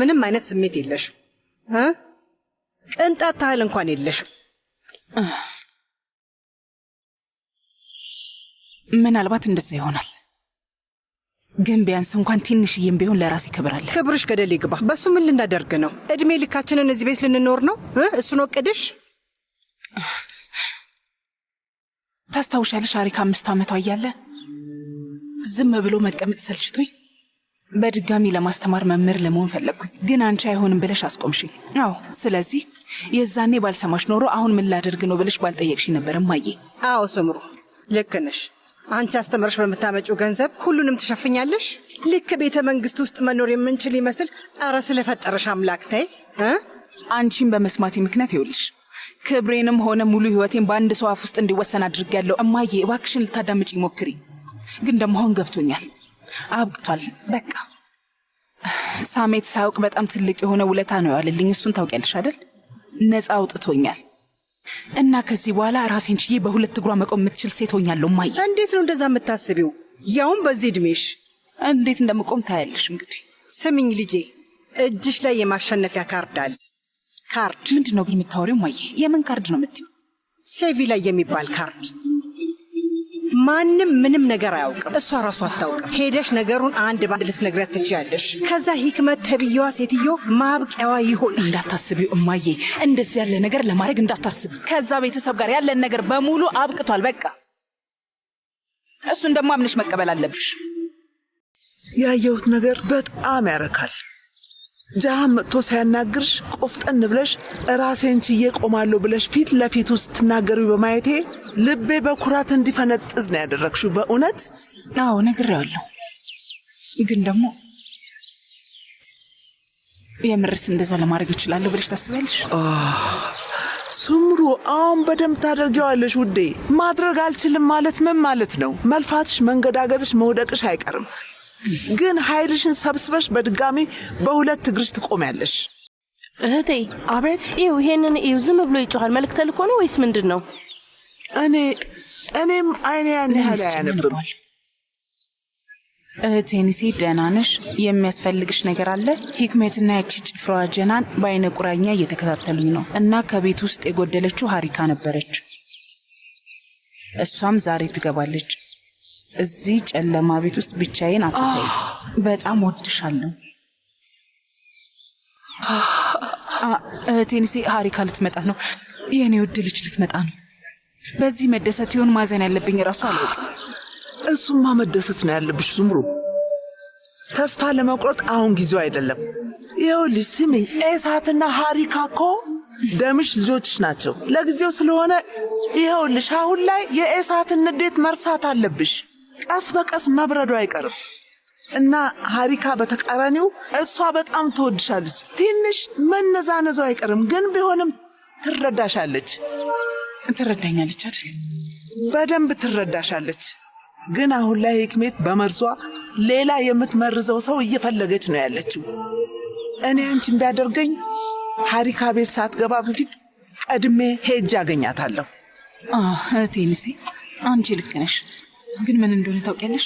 ምንም አይነት ስሜት የለሽም። ቅንጣት ታህል እንኳን የለሽም። ምናልባት እንደዛ ይሆናል፣ ግን ቢያንስ እንኳን ትንሽዬም ቢሆን ለራሴ ክብር አለ። ክብርሽ ገደል ይግባ። በሱ ምን ልናደርግ ነው? እድሜ ልካችንን እዚህ ቤት ልንኖር ነው? እሱን ወቅድሽ ታስታውሻለሽ? አሪክ አምስቱ ዓመቷ እያለ ዝም ብሎ መቀመጥ ሰልችቶኝ በድጋሚ ለማስተማር መምህር ለመሆን ፈለግኩኝ፣ ግን አንቺ አይሆንም ብለሽ አስቆምሽኝ። አዎ፣ ስለዚህ የዛኔ ባልሰማሽ ኖሮ አሁን ምን ላደርግ ነው ብለሽ ባልጠየቅሽ ነበር እማዬ። አዎ ስምሩ፣ ልክ ነሽ። አንቺ አስተምረሽ በምታመጪው ገንዘብ ሁሉንም ትሸፍኛለሽ። ልክ ቤተ መንግስት ውስጥ መኖር የምንችል ይመስል። አረ ስለፈጠረሽ አምላክ ተይ። አንቺን በመስማቴ ምክንያት ይውልሽ ክብሬንም ሆነ ሙሉ ህይወቴን በአንድ ሰው አፍ ውስጥ እንዲወሰን አድርጌያለሁ። እማዬ እባክሽን ልታዳምጪ ሞክሪ። ግን ደግሞ አሁን ገብቶኛል አብቅቷል። በቃ ሳሜት ሳያውቅ በጣም ትልቅ የሆነ ውለታ ነው ያለልኝ። እሱን ታውቂያለሽ አይደል? ነፃ አውጥቶኛል እና ከዚህ በኋላ ራሴን ችዬ በሁለት እግሯ መቆም የምትችል ሴት ሆኛለሁ። ማየ እንዴት ነው እንደዛ የምታስቢው? ያውም በዚህ እድሜሽ እንዴት እንደምቆም ታያለሽ። እንግዲህ ስምኝ ልጄ፣ እጅሽ ላይ የማሸነፊያ ካርድ አለ። ካርድ ምንድን ነው ግን የምታወሪው? ማየ የምን ካርድ ነው የምትይው? ሴቪ ላይ የሚባል ካርድ ማንም ምንም ነገር አያውቅም። እሷ ራሱ አታውቅም። ሄደሽ ነገሩን አንድ ባንድ ልትነግረት ትችያለሽ። ከዛ ሂክመት ተብዬዋ ሴትዮ ማብቂያዋ ይሆን። እንዳታስቢው እማዬ፣ እንደዚህ ያለ ነገር ለማድረግ እንዳታስቢ። ከዛ ቤተሰብ ጋር ያለን ነገር በሙሉ አብቅቷል። በቃ እሱን ደግሞ አምነሽ መቀበል አለብሽ። ያየሁት ነገር በጣም ያረካል። ጃሃ መጥቶ ሳያናግርሽ ቆፍጠን ብለሽ ራሴን ችዬ ቆማለሁ ብለሽ ፊት ለፊቱ ስትናገሪ በማየቴ ልቤ በኩራት እንዲፈነጥዝ ነው ያደረግሽው። በእውነት አዎ፣ ነግሬዋለሁ። ግን ደግሞ የምርስ እንደዛ ለማድረግ እችላለሁ ብለሽ ታስቢያለሽ? ስምሩ አሁን በደንብ ታደርጊዋለሽ ውዴ። ማድረግ አልችልም ማለት ምን ማለት ነው? መልፋትሽ፣ መንገዳገጥሽ፣ መውደቅሽ አይቀርም። ግን ኃይልሽን ሰብስበሽ በድጋሚ በሁለት እግርሽ ትቆሚያለሽ። እህቴ። አቤት። ይው ይሄንን እዩ። ዝም ብሎ ይጮኋል። መልእክት ልኮ ነው ወይስ ምንድን ነው? እኔ እኔም አይኔ ያን ያህል አያነብም። እህቴንሴ ደህና ነሽ? የሚያስፈልግሽ ነገር አለ? ሂክመትና ያቺ ጭፍራዋ ጀናን በአይነ ቁራኛ እየተከታተሉኝ ነው እና ከቤት ውስጥ የጎደለችው ሀሪካ ነበረች። እሷም ዛሬ ትገባለች። እዚህ ጨለማ ቤት ውስጥ ብቻዬን አትተይ። በጣም ወድሻለሁ። ቴኒሴ ሀሪካ ልትመጣ ነው። የእኔ ውድ ልጅ ልትመጣ ነው። በዚህ መደሰት ይሆን ማዘን ያለብኝ እራሱ አላውቅም። እሱማ መደሰት ነው ያለብሽ ዙምሩ። ተስፋ ለመቁረጥ አሁን ጊዜው አይደለም። ይኸውልሽ ስሚ፣ ኤሳትና ሀሪካ እኮ ደምሽ ልጆችሽ ናቸው። ለጊዜው ስለሆነ ይኸውልሽ አሁን ላይ የኤሳትን ንዴት መርሳት አለብሽ። ቀስ በቀስ መብረዱ አይቀርም እና ሀሪካ በተቃራኒው እሷ በጣም ትወድሻለች። ትንሽ መነዛነዘው አይቀርም ግን ቢሆንም ትረዳሻለች። ትረዳኛለች አይደል? በደንብ ትረዳሻለች። ግን አሁን ላይ ህክሜት በመርዟ ሌላ የምትመርዘው ሰው እየፈለገች ነው ያለችው። እኔ አንቺን ቢያደርገኝ ሀሪካ ቤት ሳትገባ በፊት ቀድሜ ሄጅ አገኛታለሁ። እህቴ ንሴ አንቺ ልክ ነሽ። ግን ምን እንደሆነ ታውቂያለሽ?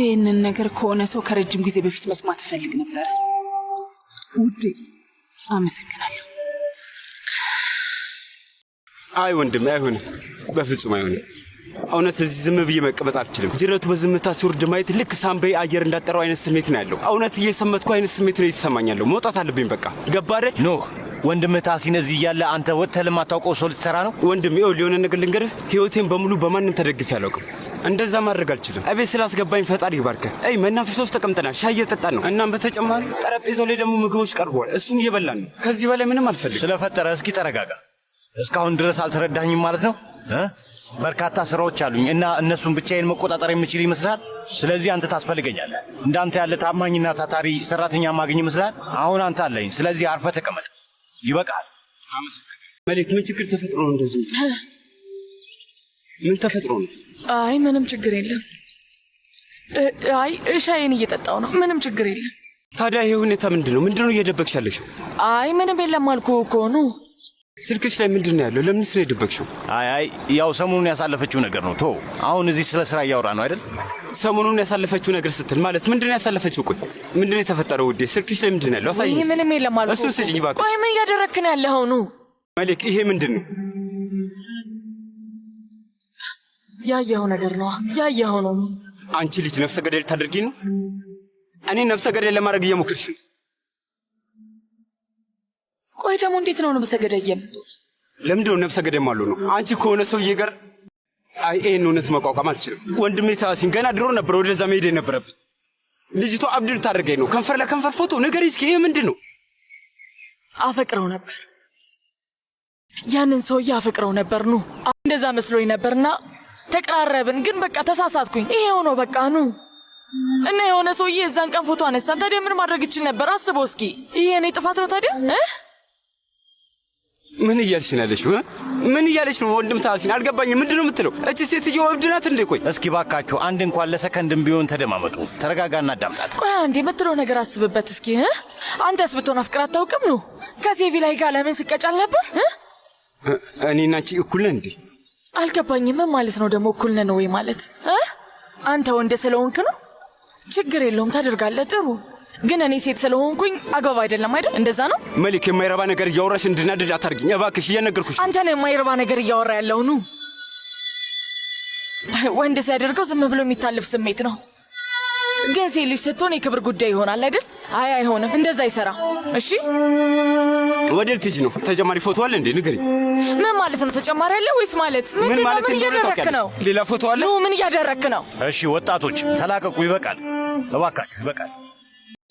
ይህንን ነገር ከሆነ ሰው ከረጅም ጊዜ በፊት መስማት እፈልግ ነበር። ውዴ አመሰግናለሁ። አይ ወንድም አይሆንም፣ በፍጹም አይሆንም። እውነት እዚህ ዝም ብዬ መቀመጥ አልችልም። ጅረቱ በዝምታ ሲወርድ ማየት ልክ ሳምበይ አየር እንዳጠረው አይነት ስሜት ነው ያለው። እውነት እየሰመትኩ አይነት ስሜት ነው እየተሰማኝ ያለው። መውጣት አለብኝ። በቃ ገባ አይደል? ኖህ ወንድም ታሲን እዚህ እያለ አንተ ወጥተህ ለማታውቀው ሰው ልትሰራ ነው? ወንድም ይኸውልህ፣ የሆነ ነገር ልንገርህ፣ ህይወቴን በሙሉ በማንም ተደግፌ አላውቅም። እንደዛ ማድረግ አልችልም። እቤት ስላስገባኝ ፈጣሪ ይባርከ። አይ መናፈሻ ውስጥ ተቀምጠናል፣ ሻይ እየጠጣን ነው። እናም በተጨማሪ ጠረጴዛው ላይ ደግሞ ምግቦች ቀርበዋል፣ እሱን እየበላን ነው። ከዚህ በላይ ምንም አልፈልግም። ስለፈጠረ እስኪ ተረጋጋ። እስካሁን ድረስ አልተረዳኝም ማለት ነው? በርካታ ስራዎች አሉኝ እና እነሱን ብቻዬን መቆጣጠር የምችል ይመስላል። ስለዚህ አንተ ታስፈልገኛለህ። እንዳንተ ያለ ታማኝና ታታሪ ሰራተኛ ማግኝ ይመስላል። አሁን አንተ አለኝ። ስለዚህ አርፈ ተቀመጥ። ይበቃል። መልክ ምን ችግር ተፈጥሮ ነው እንደዚህ? ምን ተፈጥሮ ነው? አይ ምንም ችግር የለም። አይ ሻይን እየጠጣው ነው። ምንም ችግር የለም። ታዲያ ይሄ ሁኔታ ምንድን ነው? ምንድን ነው እየደበቅሽ ያለሽው? አይ ምንም የለም አልኩህ እኮ ነው። ስልክሽ ላይ ምንድን ነው ያለው? ለምንስ ነው የደበቅሽው? አይ አይ ያው ሰሞኑን ያሳለፈችው ነገር ነው። ቶ አሁን እዚህ ስለ ስራ እያወራ ነው አይደል? ሰሞኑን ያሳለፈችው ነገር ስትል ማለት ምንድን ነው ያሳለፈችው? ቆይ ምንድን ነው የተፈጠረው? ውዴ ስልክሽ ላይ ምንድን ነው ያለው? ይሄ ምንም የለም አልኩህ። እሱ ስጭኝ እባክህ። ቆይ ምን እያደረግክ ነው ያለኸው? ነው መልክ፣ ይሄ ምንድን ነው ያየኸው ነገር ነው ያየኸው ነው። አንቺ ልጅ ነፍሰ ገዳይ ልታደርጊ ነው? እኔ ነፍሰ ገዳይ ለማድረግ እየሞክርሽ ነው ቆይ ደግሞ እንዴት ነው ነብሰ ገዳየም? ለምንድን ነው ነብሰ ገዳይም አሉ ነው? አንቺ ከሆነ ሰውዬ ጋር ይሄን እውነት መቋቋም አልችልም። ወንድሜ ታሲን ገና ድሮ ነበር ወደዛ መሄድ ነበረብኝ። ልጅቷ አብድል ታደርገኝ ነው። ከንፈር ለከንፈር ፎቶ ነገር እስኪ ይሄ ምንድን ነው? አፈቅረው ነበር ያንን ሰውዬ አፈቅረው ነበር። ኑ እንደዛ መስሎኝ ነበርና ተቀራረብን፣ ግን በቃ ተሳሳትኩኝ። ይሄ ሆኖ በቃ ኑ እና የሆነ ሰውዬ እዛን ቀን ፎቶ አነሳን። ታዲያ ምን ማድረግ ይችል ነበር? አስበው እስኪ። ይሄ እኔ ጥፋት ነው ታዲያ? ምን እያልሽ ነው ያለሽ? ምን እያለሽ ነው ወንድም ታሲን? አልገባኝም። ምንድን ነው የምትለው? እች ሴትዮ እብድ ናት እንዴ? ቆይ እስኪ ባካችሁ አንድ እንኳን ለሰከንድም ቢሆን ተደማመጡ፣ ተረጋጋና አዳምጣት። ቆይ አንድ የምትለው ነገር አስብበት እስኪ። አንተስ ብትሆን አፍቅር አታውቅም ነው? ከሴቪ ላይ ጋር ለምን ስቀጫል ነበር? እኔና አንቺ እኩል ነን እንዴ? አልገባኝም። ማለት ነው ደግሞ እኩል ነን ወይ ማለት? አንተ ወንድ ስለሆንክ ነው። ችግር የለውም ታደርጋለህ። ጥሩ ግን እኔ ሴት ስለሆንኩኝ አግባብ አይደለም አይደል? እንደዛ ነው መሊክ። የማይረባ ነገር እያወራሽ እንድናድድ አታርግኝ እባክሽ፣ እየነገርኩሽ። አንተ ነው የማይረባ ነገር እያወራ ያለው ኑ። ወንድ ሲያደርገው ዝም ብሎ የሚታልፍ ስሜት ነው። ግን ሴት ልጅ ስትሆን የክብር ጉዳይ ይሆናል አይደል? አይ አይሆንም፣ እንደዛ አይሰራ። እሺ ወደ ልትሄጂ ነው? ተጨማሪ ፎቶ አለ እንዴ? ንገሪ። ምን ማለት ነው ተጨማሪ አለ ወይስ ማለት ምን ማለት? እያደረክ ነው? ሌላ ፎቶ አለ? ምን እያደረክ ነው? እሺ ወጣቶች ተላቀቁ፣ ይበቃል። እባካችሁ ይበቃል።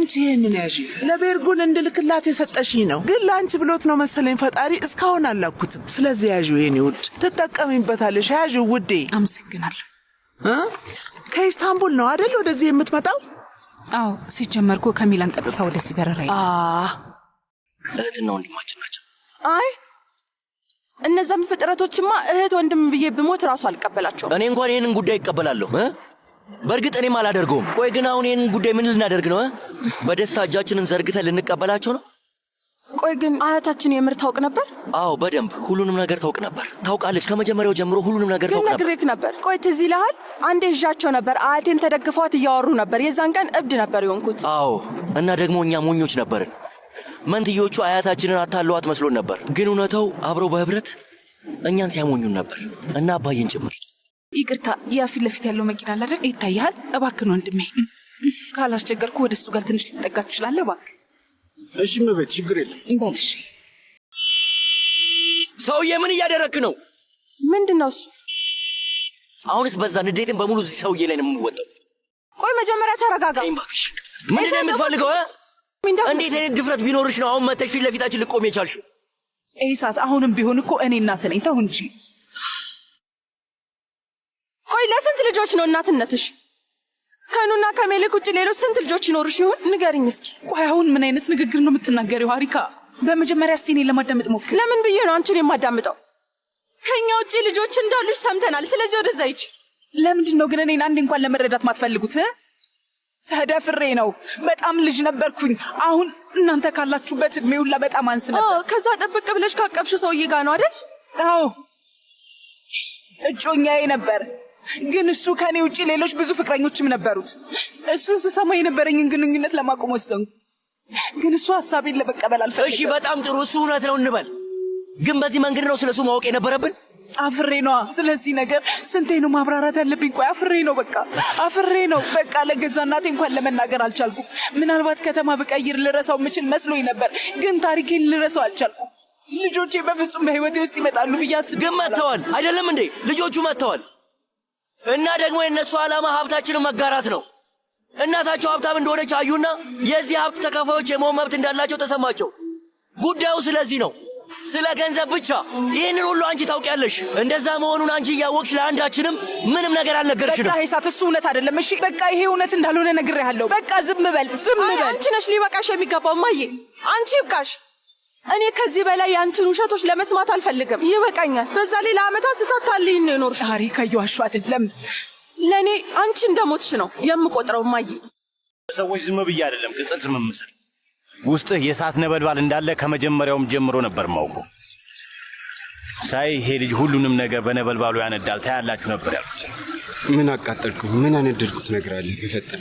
አንቺ ይህንን ያዥ ለቤርጉን እንድልክላት የሰጠሽ ነው። ግን ለአንቺ ብሎት ነው መሰለኝ ፈጣሪ እስካሁን አላኩትም። ስለዚህ ያዥ ይህን ውድ ትጠቀሚበታለሽ። ያዥ ውዴ። አመሰግናለሁ። ከኢስታንቡል ነው አደል ወደዚህ የምትመጣው? አዎ። ሲጀመርኩ ከሚላን ቀጥታ ወደዚህ በረራ እህትና ወንድማችን ናቸው። አይ እነዛም ፍጥረቶችማ እህት ወንድም ብዬ ብሞት እራሱ አልቀበላቸውም። እኔ እንኳን ይህንን ጉዳይ ይቀበላለሁ። በእርግጥ እኔም አላደርገውም። ቆይ ግን አሁን ይህን ጉዳይ ምን ልናደርግ ነው? በደስታ እጃችንን ዘርግተን ልንቀበላቸው ነው? ቆይ ግን አያታችን የምር ታውቅ ነበር? አዎ በደንብ ሁሉንም ነገር ታውቅ ነበር። ታውቃለች፣ ከመጀመሪያው ጀምሮ ሁሉንም ነገር ታውቅ ነበር። ግን ነበር። ቆይ ትዝ ይልሃል? አንዴ እዣቸው ነበር፣ አያቴን ተደግፏት እያወሩ ነበር። የዛን ቀን እብድ ነበር የሆንኩት። አዎ እና ደግሞ እኛ ሞኞች ነበርን። መንትዮቹ አያታችንን አታለዋት መስሎን ነበር፣ ግን እውነተው አብረው በህብረት እኛን ሲያሞኙን ነበር እና አባይን ጭምር ይቅርታ፣ ያ ፊት ለፊት ያለው መኪና ላደር ይታያል። እባክን ወንድሜ፣ ካላስቸገርኩ ወደ እሱ ጋር ትንሽ ትጠጋ ትችላለህ? እባክ። እሺ እመቤት፣ ችግር የለም። በልሽ። ሰውዬ፣ ምን እያደረግክ ነው? ምንድን ነው እሱ? አሁንስ በዛ። ንዴትን በሙሉ እዚህ ሰውዬ ላይ ነው የምወጣው። ቆይ መጀመሪያ ተረጋጋ። ምንድን ነው የምትፈልገው? እንዴት አይነት ድፍረት ቢኖርሽ ነው አሁን መተሽ ፊት ለፊታችን ልቆም የቻልሽው? ይህ ሰዓት አሁንም ቢሆን እኮ እኔ እናትህ ነኝ። ተው እንጂ ቆይ ለስንት ልጆች ነው እናትነትሽ? ከኑና ከሜልክ ውጭ ሌሎች ስንት ልጆች ይኖሩሽ ይሆን? ንገርኝ እስኪ። ቆይ አሁን ምን አይነት ንግግር ነው የምትናገሪው ሀሪካ? በመጀመሪያ እስቲ እኔን ለማዳመጥ ሞክር። ለምን ብዬ ነው አንቺን የማዳምጠው? ከኛ ውጭ ልጆች እንዳሉሽ ሰምተናል። ስለዚህ ወደዛ ይች ለምንድን ነው ግን እኔን አንድ እንኳን ለመረዳት ማትፈልጉት? ተደፍሬ ነው። በጣም ልጅ ነበርኩኝ። አሁን እናንተ ካላችሁበት እድሜ ሁላ በጣም አንስ ነበር። ከዛ ጠብቅ ብለሽ ካቀፍሹ ሰውዬ ጋር ነው አይደል? አዎ እጮኛዬ ነበር። ግን እሱ ከኔ ውጭ ሌሎች ብዙ ፍቅረኞችም ነበሩት። እሱን ስሰማ የነበረኝን ግንኙነት ለማቆም ወሰንኩ። ግን እሱ ሀሳቤን ለመቀበል አልፈለገም። እሺ፣ በጣም ጥሩ። እሱ እውነት ነው እንበል። ግን በዚህ መንገድ ነው ስለ እሱ ማወቅ የነበረብን። አፍሬ ነዋ። ስለዚህ ነገር ስንቴ ነው ማብራራት ያለብኝ? ቆይ አፍሬ ነው፣ በቃ አፍሬ ነው። በቃ ለገዛ እናቴ እንኳን ለመናገር አልቻልኩም። ምናልባት ከተማ ብቀይር ልረሳው የምችል መስሎኝ ነበር፣ ግን ታሪኬን ልረሳው አልቻልኩም። ልጆቼ በፍጹም በህይወቴ ውስጥ ይመጣሉ ብዬ ግን መጥተዋል። አይደለም እንዴ? ልጆቹ መጥተዋል። እና ደግሞ የእነሱ ዓላማ ሀብታችንን መጋራት ነው። እናታቸው ሀብታም እንደሆነች አዩና የዚህ ሀብት ተካፋዮች የመሆን መብት እንዳላቸው ተሰማቸው። ጉዳዩ ስለዚህ ነው፣ ስለ ገንዘብ ብቻ። ይህንን ሁሉ አንቺ ታውቂያለሽ። እንደዛ መሆኑን አንቺ እያወቅሽ ለአንዳችንም ምንም ነገር አልነገርሽንም። በቃ ሂሳት፣ እሱ እውነት አይደለም። እሺ በቃ ይሄ እውነት እንዳልሆነ ነግሬሃለሁ። በቃ ዝም በል፣ ዝም በል። አንቺ ነሽ ሊበቃሽ የሚገባው። እማዬ፣ አንቺ ይብቃሽ። እኔ ከዚህ በላይ ያንቺን ውሸቶች ለመስማት አልፈልግም። ይበቃኛል። በዛ ላይ ለአመታት ስታታልኝ ነው የኖርሽ። ዛሬ ከየዋሹ አይደለም ለእኔ አንቺ እንደሞትሽ ነው የምቆጥረው። ማይ ሰዎች ዝም ብዬ አይደለም ቅጽል ዝም ምስል ውስጥህ የእሳት ነበልባል እንዳለ ከመጀመሪያውም ጀምሮ ነበር ማውቀው። ሳይ ይሄ ልጅ ሁሉንም ነገር በነበልባሉ ያነዳል ታያላችሁ ነበር ያሉት። ምን አቃጠልኩ ምን አነደድኩት ነገር አለ በፈጠረ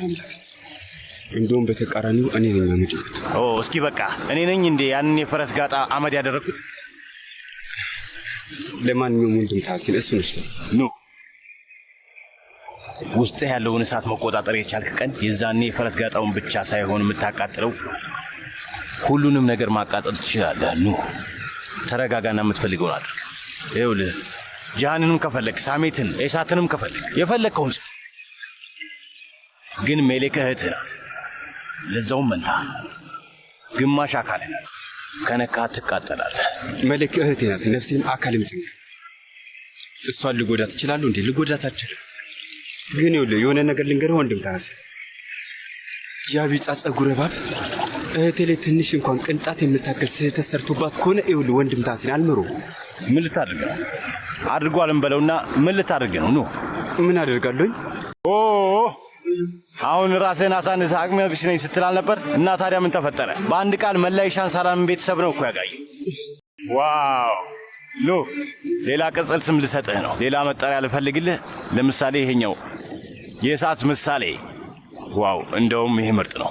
እንደውም በተቃራኒው እኔ ነኝ አመድ ያልኩት። እስኪ በቃ እኔ ነኝ እንዴ ያንን የፈረስ ጋጣ አመድ ያደረግኩት? ለማንኛውም ወንድም ታሲል እሱ ነሽ ኑ ውስጥህ ያለውን እሳት መቆጣጠር የቻልክ ቀን የዛኔ የፈረስ ጋጣውን ብቻ ሳይሆን የምታቃጥለው ሁሉንም ነገር ማቃጠል ትችላለህ። ኑ ተረጋጋና የምትፈልገውን አድርግ። ይኸውልህ ጃሃንንም ከፈለግ ሳሜትን፣ እሳትንም ከፈለግ የፈለግከውን ግን ሜሌክ እህትህ ናት። ለዛውም መንታ ግማሽ አካል ከነካ ትቃጠላለህ። መልክ እህቴ ናት፣ ነፍሴም አካልም ጭምር። እሷን ልጎዳት እችላለሁ እንዴ? ልጎዳት አልችልም። ግን ይኸውልህ የሆነ ነገር ልንገርህ ወንድም ታናሴ፣ ያ ቢጫ ጸጉረ እባብ እህቴ ላይ ትንሽ እንኳን ቅንጣት የምታክል ስህተት ሰርቶባት ከሆነ ይኸውልህ ወንድም ታናሴን አልምሮ ምን ልታደርግ ነው? አድርጓልም በለውና ምን ልታደርግ ነው? ኖ ምን አደርጋለሁኝ? ኦ አሁን ራስህን አሳንስ አቅመ ቢስ ነኝ ስትል አልነበር? እና ታዲያ ምን ተፈጠረ? በአንድ ቃል መላይሻን ሳላምን ቤተሰብ ነው እኮ ያጋየ። ዋው ሉ ሌላ ቅጽል ስም ልሰጥህ ነው። ሌላ መጠሪያ ልፈልግልህ። ለምሳሌ ይሄኛው የእሳት ምሳሌ። ዋው እንደውም ይሄ ምርጥ ነው።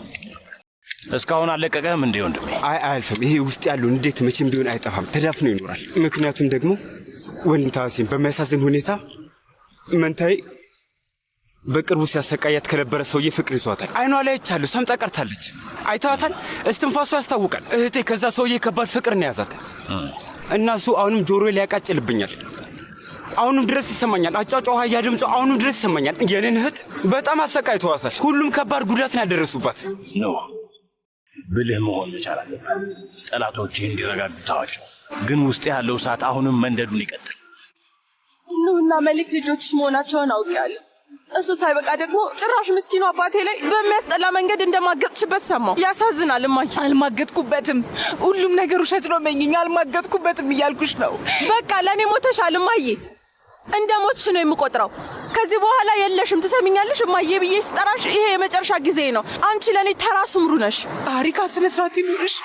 እስካሁን አለቀቀህም እንዴ ወንድሜ? አይ አያልፍም። ይሄ ውስጥ ያለው እንዴት መቼም ቢሆን አይጠፋም፣ ተዳፍኖ ይኖራል። ምክንያቱም ደግሞ ወንድም ታሲም በሚያሳዝን ሁኔታ መንታይ በቅርቡ ሲያሰቃያት ከነበረ ሰውዬ ፍቅር ይዟታል። አይኗ ላይ ይቻሉ ሰምጣ ጠቀርታለች። አይተዋታል። እስትንፋሱ ያስታውቃል። እህቴ ከዛ ሰውዬ ከባድ ፍቅር ነው የያዛት እና እሱ አሁንም ጆሮ ሊያቃጭልብኛል። አሁንም ድረስ ይሰማኛል። አጫጫ ያ ድምፁ አሁንም ድረስ ይሰማኛል። የኔን እህት በጣም አሰቃይተዋታል። ሁሉም ከባድ ጉዳትን ያደረሱባት ኖ ብልህ መሆን መቻል አለብህ። ጠላቶች እንዲረጋጉ ተዋቸው፣ ግን ውስጥ ያለው እሳት አሁንም መንደዱን ይቀጥል። ኑህና መልክ ልጆች መሆናቸውን አውቄያለሁ። እሱ ሳይበቃ ደግሞ ጭራሽ ምስኪኑ አባቴ ላይ በሚያስጠላ መንገድ እንደማገጥሽበት ሰማው። ያሳዝናል እማዬ። አልማገጥኩበትም፣ ሁሉም ነገር ውሸት ነው መኝኝ። አልማገጥኩበትም እያልኩሽ ነው። በቃ ለእኔ ሞተሻል እማዬ፣ እንደ ሞትሽ ነው የምቆጥረው። ከዚህ በኋላ የለሽም። ትሰሚኛለሽ እማዬ ብዬ ስጠራሽ ይሄ የመጨረሻ ጊዜ ነው። አንቺ ለእኔ ተራ ስምሩ ነሽ። አሪካ ስነስርዓት ይኑርሽ።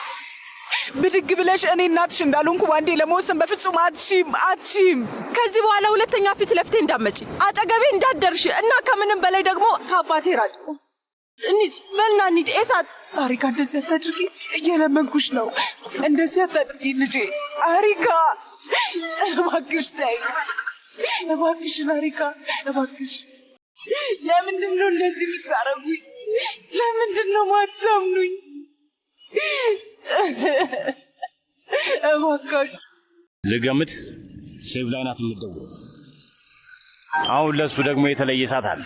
ብድግ ብለሽ እኔ እናትሽ እንዳልሆንኩ ባንዴ ለመወሰን በፍጹም አትሺም አትሺም። ከዚህ በኋላ ሁለተኛ ፊት ለፊቴ እንዳመጪ አጠገቤ እንዳደርሽ እና ከምንም በላይ ደግሞ ከአባቴ ራጭ። እንሂድ በልና እንሂድ። ኤሳ አሪካ፣ እንደዚህ አታድርጊ፣ እየለመንኩሽ ነው። እንደዚህ አታድርጊ ልጄ። አሪካ እባክሽ ተይ፣ እባክሽን አሪካ፣ እባክሽ። ለምንድን ነው እንደዚህ የምታረጉኝ? ለምንድን ነው ማታምኑኝ? እባካችሁ ልገምት። ሴቭ ላይ ናት የምትደውለው። አሁን ለእሱ ደግሞ የተለየ ሰዓት አለ።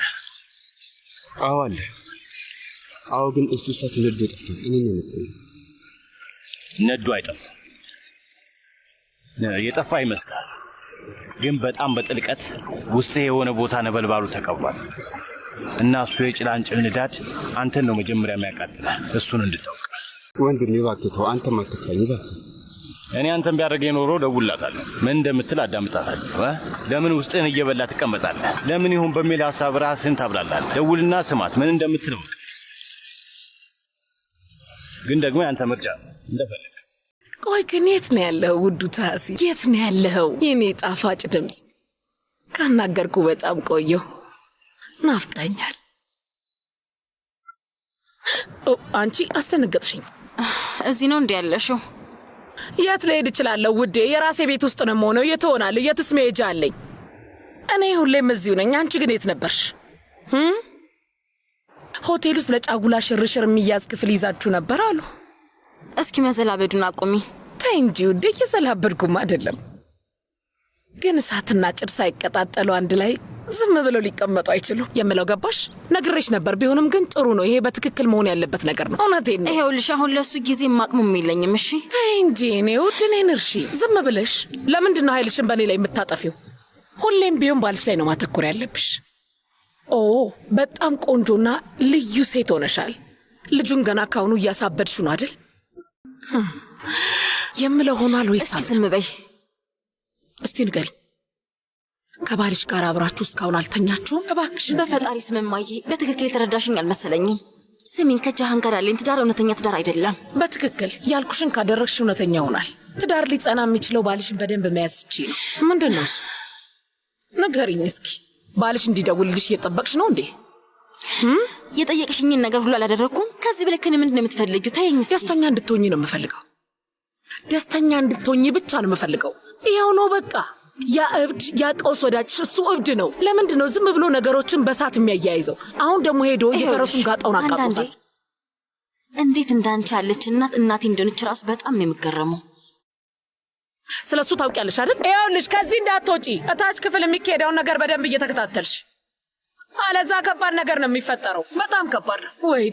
አዎ አለ። አዎ ግን እሱ ሰዓት ነዶ ጠፍቷል። እኔ ነው መጣሁ። ነዶ አይጠፋም። የጠፋ ይመስላል፣ ግን በጣም በጥልቀት ውስጥ የሆነ ቦታ ነበልባሉ ተቀብሯል እና እሱ የጭላንጭል ንዳድ አንተን ነው መጀመሪያ የሚያቃጥላል። እሱን እንድታው ወንድሜ እባክህ ተው፣ አንተም አትክፋኝ እኔ አንተም ቢያደርገ የኖሮ ደውላታለሁ፣ ምን እንደምትል አዳምጣታለሁ። ለምን ውስጥን እየበላ ትቀመጣለህ? ለምን ይሁን በሚል ሀሳብ ራስህን ታብላላለህ። ደውልና ስማት ምን እንደምትለው። ግን ደግሞ ያንተ ምርጫ እንደፈለግ። ቆይ ግን የት ነው ያለኸው? ውዱ ታሲ የት ነው ያለኸው? የኔ ጣፋጭ ድምፅ ካናገርኩ በጣም ቆየሁ። ናፍቃኛል። አንቺ አስደነገጥሽኝ። እዚህ ነው እንዲ ያለሽው? የት ልሄድ እችላለሁ ውዴ? የራሴ ቤት ውስጥ ነው የምሆነው። የት እሆናለሁ? የትስ መሄጃ አለኝ? እኔ ሁሌም እዚሁ ነኝ። አንቺ ግን የት ነበርሽ? ሆቴል ውስጥ ለጫጉላ ሽርሽር የሚያዝ ክፍል ይዛችሁ ነበር አሉ። እስኪ መዘላበዱን አቁሚ። ተይ እንጂ ውዴ፣ እየዘላበድኩም አይደለም ግን እሳትና ጭድ ሳይቀጣጠሉ አንድ ላይ ዝም ብለው ሊቀመጡ አይችሉ የምለው ገባሽ? ነግሬሽ ነበር። ቢሆንም ግን ጥሩ ነው። ይሄ በትክክል መሆን ያለበት ነገር ነው። እውነቴን ነው። ይኸውልሽ አሁን ለእሱ ጊዜ ማቅሙም የለኝም። እሺ ተይ እንጂ እኔ ውድ እኔን እርሺ። ዝም ብለሽ ለምንድን ነው ኃይልሽን በእኔ ላይ የምታጠፊው? ሁሌም ቢሆን ባልሽ ላይ ነው ማተኮር ያለብሽ። ኦ በጣም ቆንጆና ልዩ ሴት ሆነሻል። ልጁን ገና ካሁኑ እያሳበድሽ ነው አይደል? የምለው ሆኗል ወይስ? ዝም በይ እስቲ ንገሪኝ። ከባልሽ ጋር አብራችሁ እስካሁን አልተኛችሁም? እባክሽ በፈጣሪ ስም እማዬ፣ በትክክል የተረዳሽኝ አልመሰለኝም። ስሚን ከጃሃን ጋር ያለኝ ትዳር እውነተኛ ትዳር አይደለም። በትክክል ያልኩሽን ካደረግሽ እውነተኛ ይሆናል። ትዳር ሊጸና የሚችለው ባልሽን በደንብ መያዝ ስቺ ነው። ምንድን ነው እሱ? ንገሪኝ እስኪ። ባልሽ እንዲደውልልሽ እየጠበቅሽ ነው እንዴ? የጠየቅሽኝን ነገር ሁሉ አላደረግኩም። ከዚህ በላይ ከእኔ ምንድን ነው የምትፈልጊው? ተይኝ። ደስተኛ እንድትሆኝ ነው የምፈልገው። ደስተኛ እንድትሆኝ ብቻ ነው የምፈልገው። ይኸው ነው በቃ። ያ እብድ ያ ቀውስ ወዳጅ እሱ እብድ ነው። ለምንድን ነው ዝም ብሎ ነገሮችን በሳት የሚያያይዘው? አሁን ደግሞ ሄዶ የፈረሱን ጋጣውን አቃጣል። እንዴት እንዳንቺ ያለች እናት እናቴ እንደሆነች ራሱ በጣም ነው የምገረመው። ስለ እሱ ታውቂያለሽ አይደል? ይኸውልሽ ከዚህ እንዳትወጪ፣ እታች ክፍል የሚካሄደውን ነገር በደንብ እየተከታተልሽ፣ አለዛ ከባድ ነገር ነው የሚፈጠረው። በጣም ከባድ ነው። ወይ